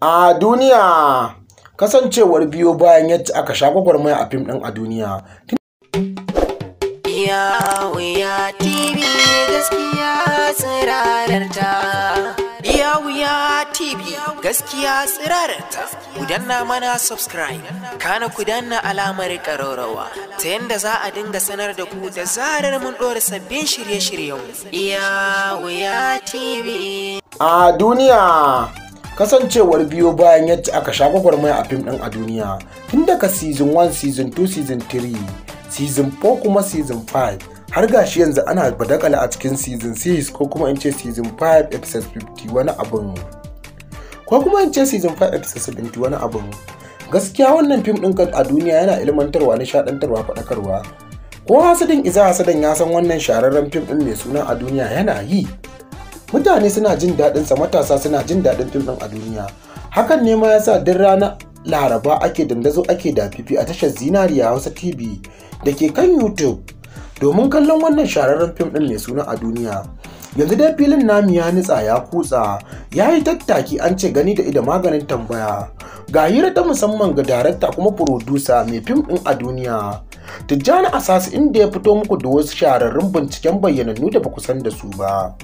a duniya kasancewar biyo bayan yadda aka sha gwagwarmaya a fim ɗin a duniya ya gaskiya tsirararta ya wuya mana subscribe kana ku danna alamar ƙararrawa ta yadda za a dinga sanar da ku da zarar mun ɗora sabbin shirye-shiryen ya wuya tv a duniya kasancewar biyo bayan yadda aka sha gwagwarmaya a fim ɗin a duniya tun daga season 1 season 2 season 3 season 4 kuma season 5 har gashi yanzu ana badakala a cikin season 6 ko kuma in ce season 5 episode 50 wani abin ko kuma in ce season 5 episode 70 wani abin gaskiya wannan fim ɗin a duniya yana ilmantarwa nishadantarwa, faɗakarwa ko hasadin iza Sadan ya san wannan shahararren fim ɗin mai suna a duniya yana yi mutane suna jin daɗin sa matasa suna jin daɗin fim ɗin a duniya hakan ne ma ya sa duk rana laraba ake dandazo ake dafifi a tashar zinariya hausa tv da ke kan youtube domin kallon wannan shararren fim ɗin mai suna a duniya yanzu dai filin namu ya nitsa ya kutsa ya yi tattaki an ce gani da ida maganin tambaya ga hira ta musamman ga darakta kuma furodusa mai fim ɗin a duniya Tijjani Asas inda ya fito muku da wasu shahararrun binciken bayyanannu da ba ku san da su ba.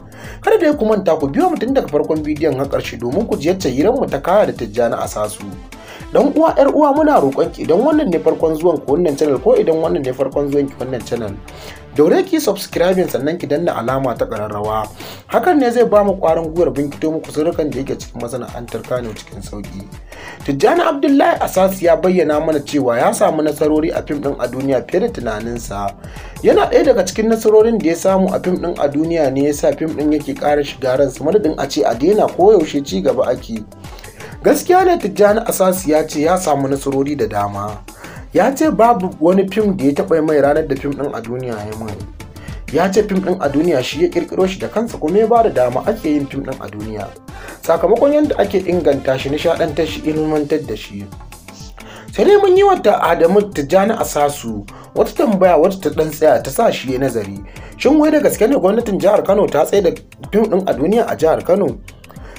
Kada da ya kumanta ku biyo mutum daga farkon bidiyon har ƙarshe domin ku ji yadda hirar mu ta kaya da Tijjani a Asasu. dan uwa yar uwa muna roƙon ki idan wannan ne farkon zuwan ku wannan channel ko idan wannan ne farkon zuwan ki wannan channel daure ki subscribing sannan ki danna alama ta ƙararrawa hakan ne zai ba mu ƙwarin gwiwar binkito muku sirrukan da yake cikin masana'antar Kano cikin sauki Tijjani Abdullahi Asas ya bayyana mana cewa ya samu nasarori a fim ɗin a duniya fiye da tunaninsa yana ɗaya daga cikin nasarorin da ya samu a fim ɗin a duniya ne ya sa fim ɗin yake ƙara shiga ransa madadin a ce a daina koyaushe ci gaba ake gaskiya ne tijjani asasi ya ce ya samu nasarori da dama ya ce babu wani fim da ya taɓa mai ranar da fim ɗin a duniya ya mai ya ce fim ɗin a duniya shi ya ƙirƙiro shi da kansa kuma ya ba da dama ake yin fim ɗin a duniya sakamakon yadda ake inganta shi nishaɗantar shi ilmantar da shi sai dai mun yi wata adamu tijjani asasu wata tambaya wata ta ɗan tsaya ta sa shi ya nazari shin wai da gaske ne gwamnatin jihar kano ta tsaye da fim ɗin a duniya a jihar kano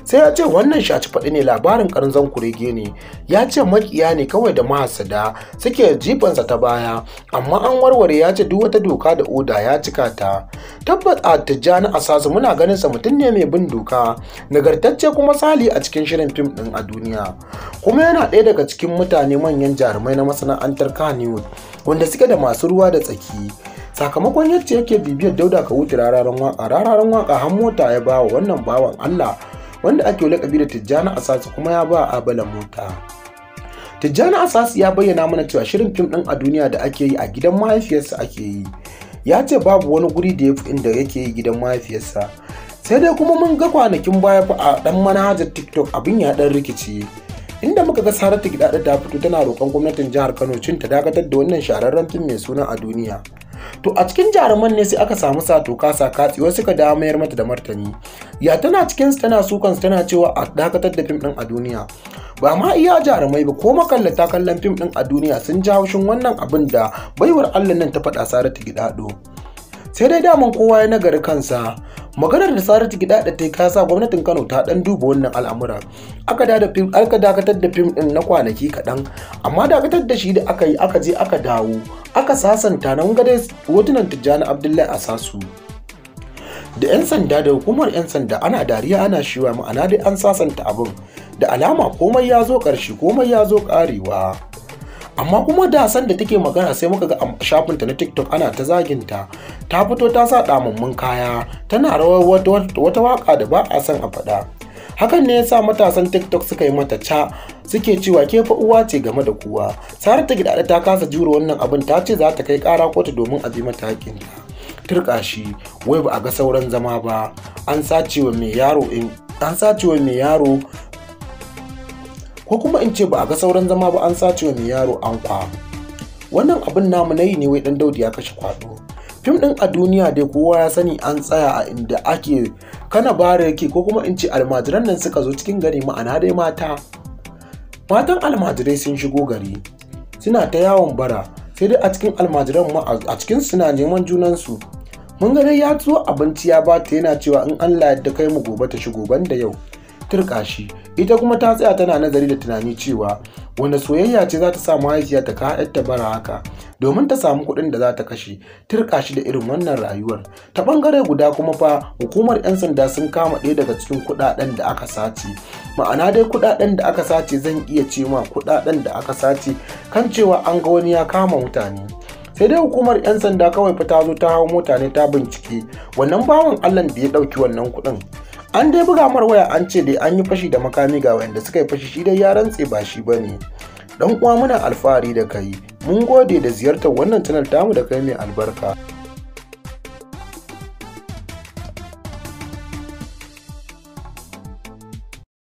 sai ya ce wannan shaci faɗi ne labarin ƙarzon kurege ne ya ce makiya ne kawai da mahasada suke jifansa ta baya amma an warware ya ce duk wata doka da oda ya cika ta tabbat a tijjani a asasu muna ganin sa mutum ne mai bin doka nagartacce kuma sali a cikin shirin fim ɗin a duniya kuma yana ɗaya daga cikin mutane manyan jarumai na masana'antar kanewood wanda suke da masu ruwa da tsaki sakamakon yadda yake bibiyar dauda ka wuce rararen waka rararen waka har mota ya bawa wannan bawan allah wanda ake lakabi da Tijjani Asasi kuma ya ba Abala mota. Tijjani Asasi ya bayyana mana cewa shirin fim ɗin a duniya da ake yi a gidan mahaifiyarsa ake yi. Ya ce babu wani guri da ya fi inda yake yi gidan mahaifiyarsa. Sai dai kuma mun ga kwanakin baya fa a ɗan manhajar TikTok abin ya dan rikici. Inda muka ga Saratu da ta fito tana roƙon gwamnatin jihar Kano cin ta dakatar da wannan shahararren fim mai suna a duniya. to a cikin jaruman ne sai aka samu kasa katsi wasu suka da mayar mata da martani ya tana cikin su tana sukan su tana cewa a dakatar da fim din a duniya ba ma iya jarumai ba ko makallata kallon fim din a duniya sun ji haushin wannan abin da baiwar allah nan ta faɗa saratu gidado sai dai daman kowa ya nagari kansa maganar da saratu gida da ta yi kasa gwamnatin kano ta dan duba wannan al'amura aka dakatar da fim din na kwanaki kaɗan amma dakatar da shi da aka yi aka je aka dawo aka sasanta nan dai hotunan tijjani abdullahi a sasu da 'yan sanda da hukumar 'yan sanda ana dariya ana shiwa ma'ana dai an sasanta abin da alama komai ya zo ƙarshe komai ya zo ƙarewa amma kuma da sanda take magana sai muka ga shafinta na tiktok ana ta zaginta ta fito ta sa damammun kaya tana rawar wata waka da ba a son a faɗa hakan ne ya sa matasan tiktok suka yi mata ca suke cewa ke fa uwa ce game da kuwa. sara ta ta kasa jure wannan abin ta ce za ta kai kara kotu domin a bi mata hakinta turka shi wai ba a ga sauran zama ba an sacewa mai yaro in an mai yaro ko kuma in ce ba a ga sauran zama ba an sacewa mai yaro an kwa wannan abin namu na yi ne wai dan daudi ya kashe kwado fim din a duniya dai kowa ya sani an tsaya a inda ake kana bara yake ko kuma in ce almajiran nan suka zo cikin gari ma'ana dai mata matan almajirai sun shigo gari suna ta yawon bara sai dai a cikin almajiran ma a cikin suna neman junansu mun ga dai ya tuwo abinci ya bata yana cewa in Allah ya kai mu gobe ta shigo ban da yau turka shi ita kuma ta tsaya tana nazari da tunani cewa wanda soyayya ce za ta sa mahaifiya ta ka ta bara haka domin ta samu kuɗin da za ta kashe turka shi da irin wannan rayuwar ta bangare guda kuma fa hukumar 'yan sanda sun kama ɗaya daga cikin kuɗaɗen da aka sace ma'ana dai kuɗaɗen da aka sace zan iya ce ma kuɗaɗen da aka sace kan cewa an ga wani ya kama mutane sai dai hukumar 'yan sanda kawai fa ta zo ta hau mutane ta bincike wannan bawan allah da ya ɗauki wannan kuɗin an dai buga mar waya an ce dai an yi fashi da makami ga wayanda suka yi fashi shi dai ya rantse ba shi bane dan uwa muna alfahari da kai mun gode da ziyartar wannan channel tamu da kai mai albarka